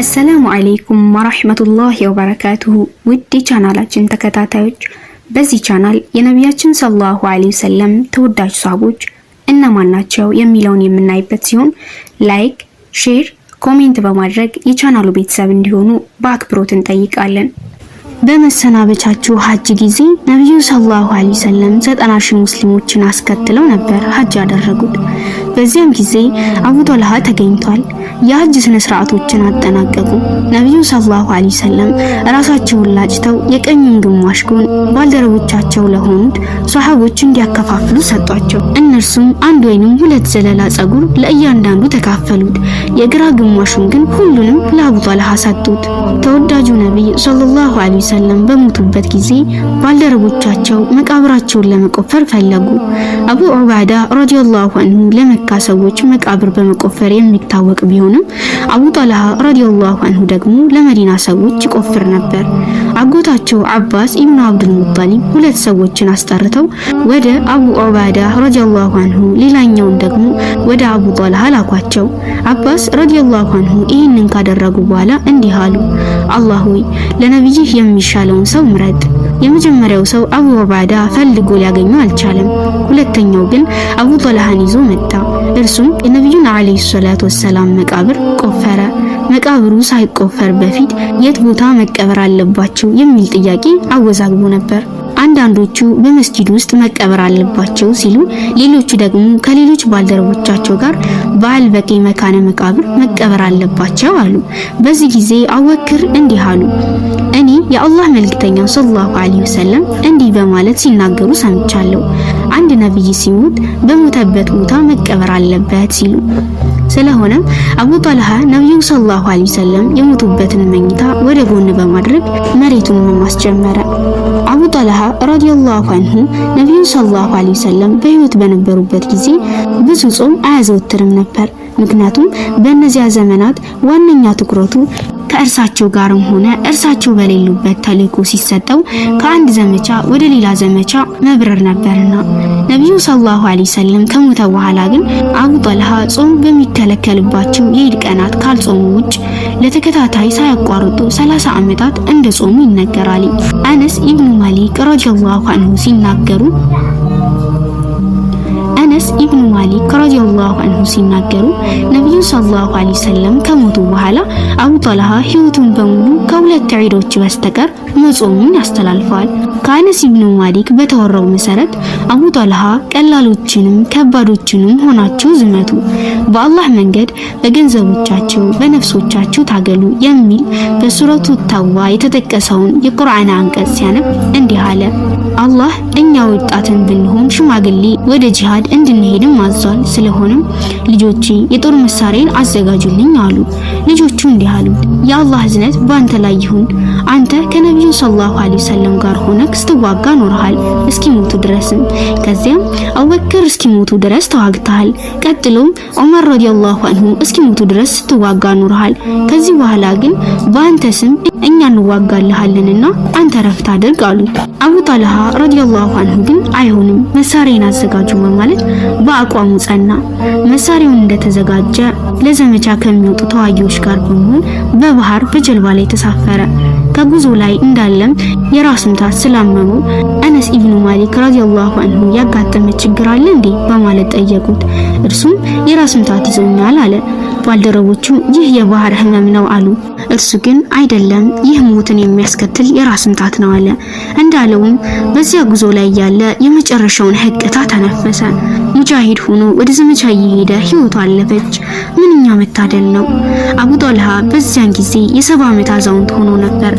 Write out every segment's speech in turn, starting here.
አሰላሙ አለይኩም ወራህመቱላሂ ወበረካቱሁ ውድ የቻናላችን ተከታታዮች፣ በዚህ ቻናል የነቢያችን ሰለላሁ ዐለይሂ ወሰለም ተወዳጅ ሷቦች እነማን ናቸው የሚለውን የምናይበት ሲሆን ላይክ፣ ሼር፣ ኮሜንት በማድረግ የቻናሉ ቤተሰብ እንዲሆኑ በአክብሮት እንጠይቃለን። በመሰናበቻችሁ ሀጅ ጊዜ ነቢዩ ሰለላሁ ዐለይሂ ወሰለም ዘጠና ሺህ ሙስሊሞችን አስከትለው ነበር ሀጅ ያደረጉት። በዚያም ጊዜ አቡ ጦልሃ ተገኝቷል። የሀጅ ስነ ስርዓቶችን አጠናቀቁ። ነቢዩ ሰለላሁ ዐለይሂ ወሰለም ራሳቸውን ላጭተው የቀኙን ግማሽ ጎን ባልደረቦቻቸው ለሆኑት ሶሐቦች እንዲያከፋፍሉ ሰጧቸው። እነርሱም አንድ ወይንም ሁለት ዘለላ ጸጉር ለእያንዳንዱ ተካፈሉት። የግራ ግማሹን ግን ሁሉንም ለአቡ ጦልሃ ሰጡት። ተወዳጁ ነቢይ ሰለላሁ ዐለይሂ ሰለም በሞቱበት ጊዜ ባልደረቦቻቸው መቃብራቸውን ለመቆፈር ፈለጉ። አቡ ዑባዳ ረዲየላሁ አንሁ ለመካ ሰዎች መቃብር በመቆፈር የሚታወቅ ቢሆንም አቡ ጣልሃ ረዲየላሁ አንሁ ደግሞ ለመዲና ሰዎች ይቆፍር ነበር። አጎታቸው አባስ ኢብኑ አብዱል ሙጣሊብ ሁለት ሰዎችን አስጠርተው ወደ አቡ ዑባዳ ረዲየላሁ አንሁ ሌላኛውን ደግሞ ወደ አቡ ጣልሃ ላኳቸው። አባስ ረዲየላሁ አንሁ ይህንን ካደረጉ በኋላ እንዲህ አሉ፣ አላህ ሆይ ለነብይህ የሚሻለውን ሰው ምረጥ። የመጀመሪያው ሰው አቡ ዑባዳ ፈልጎ ሊያገኘው አልቻለም። ሁለተኛው ግን አቡ ጦላሃን ይዞ መጣ። እርሱም የነቢዩን አለይሂ ሰላቱ ወሰላም መቃብር ቆፈረ። መቃብሩ ሳይቆፈር በፊት የት ቦታ መቀበር አለባቸው የሚል ጥያቄ አወዛግቦ ነበር። አንዳንዶቹ በመስጂድ ውስጥ መቀበር አለባቸው ሲሉ፣ ሌሎቹ ደግሞ ከሌሎች ባልደረቦቻቸው ጋር በአል በቂ መካነ መቃብር መቀበር አለባቸው አሉ። በዚህ ጊዜ አወክር እንዲህ አሉ። እኔ የአላህ መልእክተኛ ሰለላሁ ዐለይሂ ወሰለም እንዲህ በማለት ሲናገሩ ሰምቻለሁ። አንድ ነብይ ሲሞት በሞተበት ቦታ መቀበር አለበት ሲሉ ስለሆነም አቡ ጣልሃ ነቢዩ ሰለላሁ ዐለይሂ ወሰለም የሞቱበትን መኝታ ወደ ጎን በማድረግ መሬቱን መማስ ጀመረ። አቡ ጣልሃ ረዲየላሁ አንሁ ነቢዩ ሰለላሁ ዐለይሂ ወሰለም በህይወት በነበሩበት ጊዜ ብዙ ጾም አያዘወትርም ነበር። ምክንያቱም በእነዚያ ዘመናት ዋነኛ ትኩረቱ ከእርሳቸው ጋርም ሆነ እርሳቸው በሌሉበት ተልእኮ ሲሰጠው ከአንድ ዘመቻ ወደ ሌላ ዘመቻ መብረር ነበርና። ነቢዩ ሰለላሁ ዐለይሂ ወሰለም ከሞተ በኋላ ግን አቡ ጠልሃ ጾም በሚከለከልባቸው የኢድ ቀናት ካልጾሙ ውጭ ለተከታታይ ሳያቋርጡ 30 ዓመታት እንደ ጾሙ ይነገራል። አነስ ኢብኑ ማሊክ ረዲየላሁ ዐንሁ ሲናገሩ አነስ ኢብኑ ማሊክ ረዲየላሁ አንሁ ሲናገሩ ነቢዩ ሰለላሁ ዐለይሂ ወሰለም ከሞቱ በኋላ አቡ ጣልሃ ህይወቱን በሙሉ ከሁለት ዒዶች በስተቀር መጾሙን አስተላልፈዋል። ከአነስ ኢብኑ ማሊክ በተወራው መሰረት አቡ ጣልሃ ቀላሎችንም ከባዶችንም ሆናችሁ ዝመቱ፣ በአላህ መንገድ በገንዘቦቻችሁ በነፍሶቻችሁ ታገሉ የሚል በሱረቱ ታዋ የተጠቀሰውን የቁርአን አንቀጽ ሲያነብ እንዲህ አለ። አላህ እኛ ወጣትን ብንሆን ሽማግሌ ወደ ጂሃድ እንድንሄድም አዟል። ስለሆነም ልጆቼ የጦር መሳሪያን አዘጋጁልኝ አሉ። ልጆቹ እንዲህ አሉት፣ የአላህ እዝነት ባንተ ላይ ይሁን፣ አንተ ከነቢዩ ሰለላሁ ዐለይሂ ወሰለም ጋር ሆነክ ስትዋጋ ኖርሃል እስኪሞቱ ድረስም። ከዚያም አቡበክር እስኪሞቱ ድረስ ተዋግተሃል። ቀጥሎም ዑመር ረዲየላሁ ዐንሁ እስኪሞቱ ድረስ ስትዋጋ ኖርሃል። ከዚህ በኋላ ግን በአንተ ስም እኛ እንዋጋልሃለንና አንተ ረፍት አድርግ አሉ። አቡ ጣልሃ ረዲየላሁ ዐንሁ ግን አይሆንም መሳሪያን አዘጋጁ በማለት በአቋሙ ጸና። መሳሪያውን እንደተዘጋጀ ለዘመቻ ከሚወጡ ተዋጊዎች ጋር በመሆን በባህር በጀልባ ላይ ተሳፈረ። በጉዞ ላይ እንዳለም የራስ ምታት ስላመሙ አነስ ኢብኑ ማሊክ ራዲየላሁ አንሁ ያጋጠመ ችግር አለ እንዴ በማለት ጠየቁት። እርሱም የራስ ምታት ይዞኛል አለ። ባልደረቦቹ ይህ የባህር ህመም ነው አሉ። እርሱ ግን አይደለም፣ ይህ ሞትን የሚያስከትል የራስ ምታት ነው አለ። እንዳለውም በዚያ ጉዞ ላይ ያለ የመጨረሻውን ህቅታ ተነፈሰ። ሙጃሂድ ሆኖ ወደ ዘመቻ እየሄደ ህይወቱ አለፈች። ምንኛ መታደል ነው! አቡ ጦልሃ በዚያን ጊዜ የሰባ ዓመት አዛውንት ሆኖ ነበር።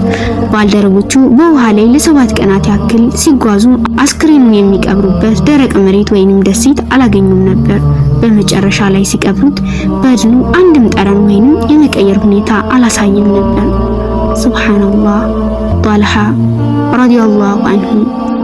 ባልደረቦቹ በውሃ ላይ ለሰባት ቀናት ያክል ሲጓዙ አስክሬኑን የሚቀብሩበት ደረቅ መሬት ወይንም ደሴት አላገኙም ነበር። በመጨረሻ ላይ ሲቀብሩት በድኑ አንድም ጠረን ወይንም የመቀየር ሁኔታ አላሳይም ነበር። ሱብሃንአላህ ጦልሃ ረዲየላሁ አንሁ